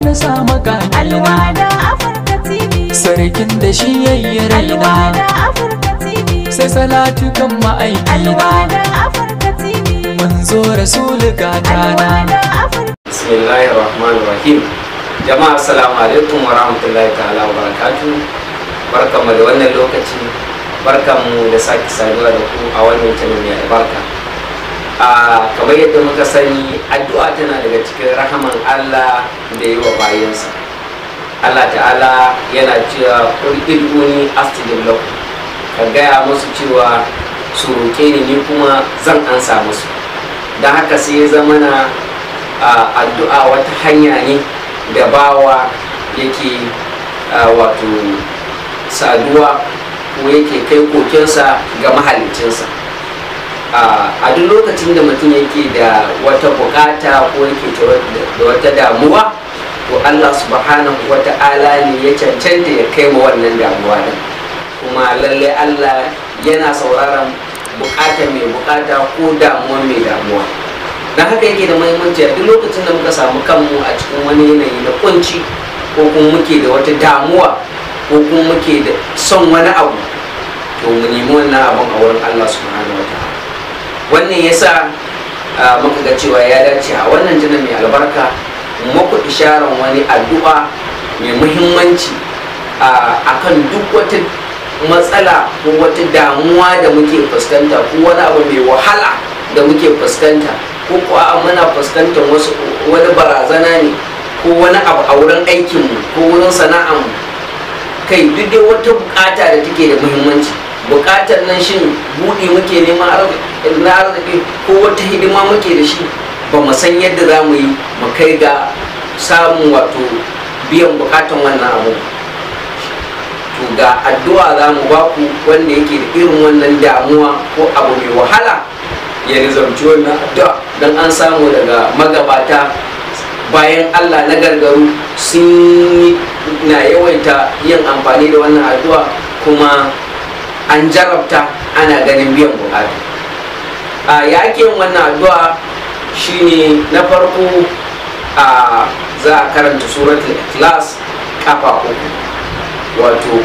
na sa maka alwada afirka tv sarkin da shi yayye raina alwada afirka tv sai salatu kan ma'aiki alwada afirka tv manzo rasul gatana bismillahir rahmanir rahim jama'a assalamu alaikum wa rahmatullahi ta'ala wa barakatuh barkamu da wannan lokaci barkamu da sake saduwa da ku a wannan channel mai albarka kamar yadda muka sani addu'a tana daga cikin rahaman allah da yi wa bayansa allah ta'ala yana cewa kul iduni astijib ka gaya musu cewa su roke ni ni kuma zan ansa musu don haka sai ya zama na addu'a wata hanya ne da bawa yake wato saduwa ko yake kai kokensa ga mahalicinsa a duk lokacin da mutum yake da wata bukata ko yake da wata damuwa to Allah subhanahu wa ta'ala ne ya cancanta ya kai ma wannan damuwa din kuma lalle Allah yana sauraron bukata mai bukata ko damuwa mai damuwa don haka yake da muhimmanci a duk lokacin da muka samu kanmu a cikin wani yanayi na kunci ko kuma muke da wata damuwa ko kuma muke da son wani abu to mu nemi wannan abin a wurin Allah subhanahu wa ta'ala wannan yasa muka ga cewa ya dace a wannan jinin mai albarka muku isharar wani addu'a mai muhimmanci a kan duk wata matsala ko wata damuwa da muke fuskanta ko wani abu mai wahala da muke fuskanta ko kuwa muna fuskantar wasu wani barazana ne ko wani abu a wurin aikinmu ko wurin sana'armu kai duk dai wata bukata da take da muhimmanci bukatar nan shin buɗe muke nema arziki ko wata hidima muke da shi ba mu san yadda za mu yi mu kai ga samun wato biyan bukatan wannan abu to ga addu'a za mu ba wanda yake da irin wannan damuwa ko abu mai wahala ya rizamci wannan addu'a don an samu daga magabata bayan allah na gargaru sun na yawaita yin amfani da wannan addu'a kuma an jarabta ana ganin biyan buhari a yakin wannan addu'a shine na farko a za a karanta suratul ikhlas kafa uku wato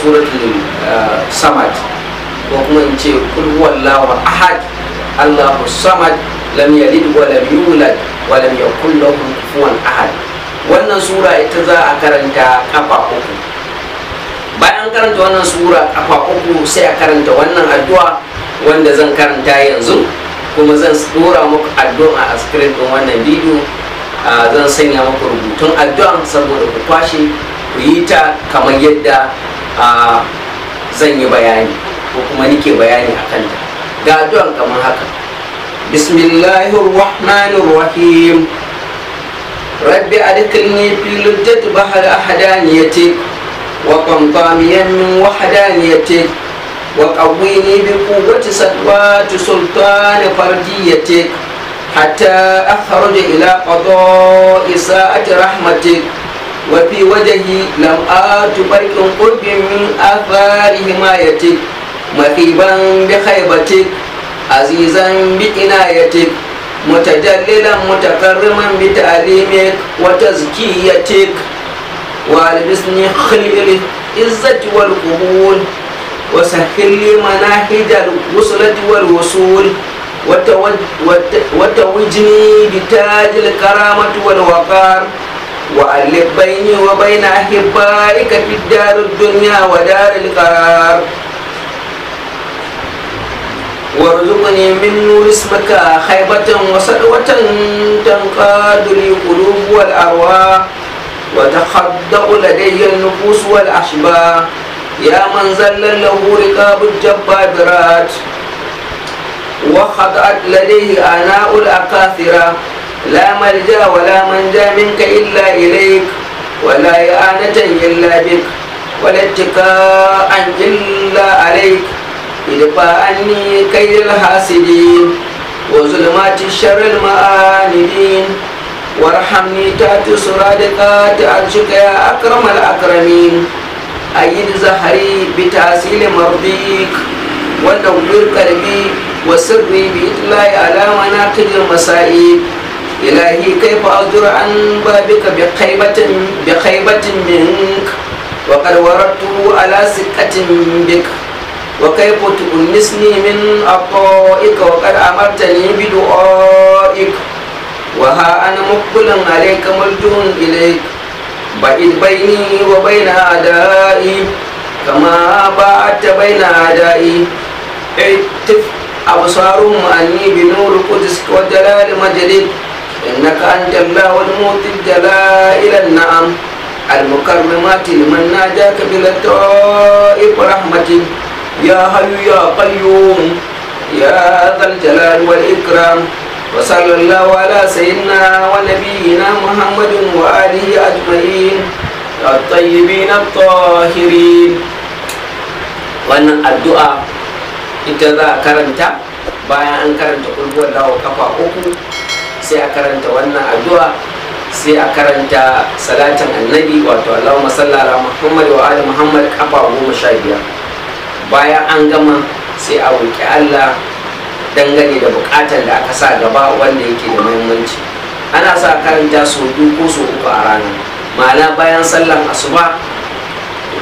suratul samad ko kuma in ce kul huwallahu ahad allahu samad lam yalid wa lam yulad wa lam yakul lahu kufuwan ahad wannan sura ita za a karanta kafa uku an karanta wannan sura a uku sai a karanta wannan addu'a wanda zan karanta yanzu kuma zan dora muku addu'a a screen din wannan bidiyo zan sanya muku rubutun addu'a saboda ku kwashe ku yi ta kamar yadda zan yi bayani ko kuma nike bayani a kanta ga addu'an kamar haka bismillahir rabbi adkhilni fi ne bahar ahdaniyati وقمطانيا من وحدانيتك وقويني بقوة سطوات سلطان فرديتك حتى أخرج إلى قضاء ساعة رحمتك وفي وجهي لم آت برك قرب من آثار حمايتك مثيبا بخيبتك عزيزا بعنايتك متجللا متكرما بتعليمك وتزكيتك والبسني خليل العزة والقبول وسهل لي مناهج الوصلة والوصول وتوجني بتاج الكرامة والوقار وألف بيني وبين أحبائك في الدار الدنيا ودار القرار وارزقني من نور اسمك خيبة وسلوة تنقاد لي قلوب والأرواح وتخدأ لدي النفوس والأحبار يا من زل له رقاب الجبابرات وخطأت لديه آناء الأكاثرة لا ملجأ ولا منجا منك إلا إليك ولا إعانة إلا بك ولا اتكاء إلا عليك ادفع عني كيد الحاسدين وظلمات الشر المآلدين warhamni ta tu suradika ta arzika ya akramal akramin ayyid zahari bi tasil mardik wanda gudur karbi wa sirri bi itlai alama na kajin masai ilahi kai fa azur an babika bi khaybatin bi khaybatin mink wa qad waratu ala siqatin bik wa kayfa tunisni min aqaika wa qad amartani bi du'aika وها أنا مقبل عليك ملجون إليك بعد بيني وبين أعدائي كما بعدت بين أعدائي اتف أبصارهم أني بنور قدس وجلال مجدك إنك أنت الله الموت الجلائل النعم المكرمات لمن ناجاك بلطائف رحمتك يا حي يا قيوم يا ذا الجلال والإكرام وصلى الله على سيدنا ونبينا محمد وآله أجمعين الطيبين الطاهرين wannan addu'a ita za a karanta bayan an karanta kulguwar dawo kafa uku sai a karanta wannan addu'a sai a karanta salatin annabi wato allahumma salli ala muhammad wa ali muhammad kafa goma sha biyar bayan an gama sai a roƙi allah dangane da bukatan da aka sa gaba wanda yake da muhimmanci ana sa karanta su biyu ko uku a rana ma'ana bayan sallan asuba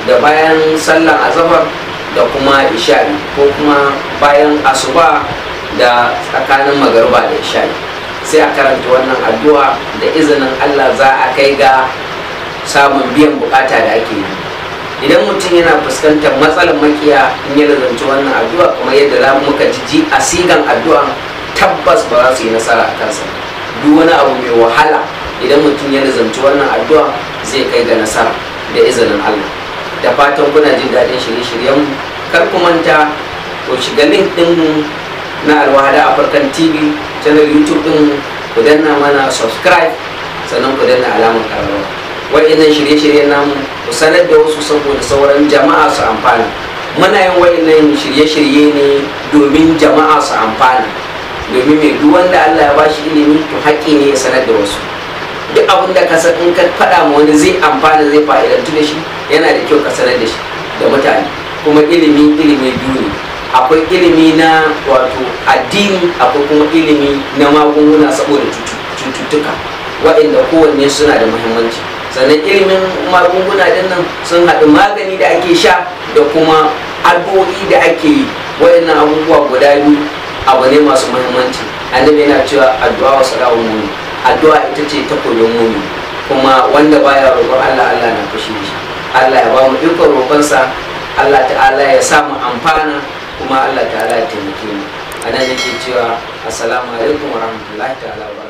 da bayan sallan azabar da kuma isha'i ko kuma bayan asuba da tsakanin magarba da isha'i sai a karanta wannan addu'a da izinin allah za a kai ga samun biyan bukata da ake yi idan mutum yana fuskantar matsalar makiya in ya lazanci wannan addu'a kuma yadda za muka ji a sigan addu'a tabbas ba za su yi nasara a kansa duk wani abu mai wahala idan mutum ya zanci wannan addu'a zai kai ga nasara da izinin Allah da fatan kuna jin daɗin shirye-shiryen kar ku manta ku shiga link din mu na alwahada afirkan tv channel youtube din ku danna mana subscribe sannan ku danna alamar karawa waɗannan shirye-shiryen namu ku sanar da wasu saboda sauran jama'a su amfana muna yin waɗannan shirye-shirye ne domin jama'a su amfana domin mai duk wanda Allah ya bashi ilimi to haƙƙi ne ya sanar da wasu duk abin da ka in ka faɗa ma wani zai amfana zai fa'idantu da shi yana da kyau ka sanar da shi da mutane kuma ilimi ilimi biyu ne akwai ilimi na wato addini akwai kuma ilimi na magunguna saboda cututtuka waɗanda kowanne suna da muhimmanci sannan ilimin magunguna din nan sun haɗu magani da ake sha da kuma addu'o'i da ake yi wayannan abubuwa guda biyu abu ne masu mahimmanci. annabi yana cewa addu'a wa salawun mumin addu'a ita ce ta koyon mumin kuma wanda baya roƙon Allah Allah na fushi shi Allah ya ba mu ikon roƙonsa Allah ta'ala ya sa mu amfana kuma Allah ta'ala ya taimake mu annabi yake cewa assalamu alaikum warahmatullahi ta'ala wa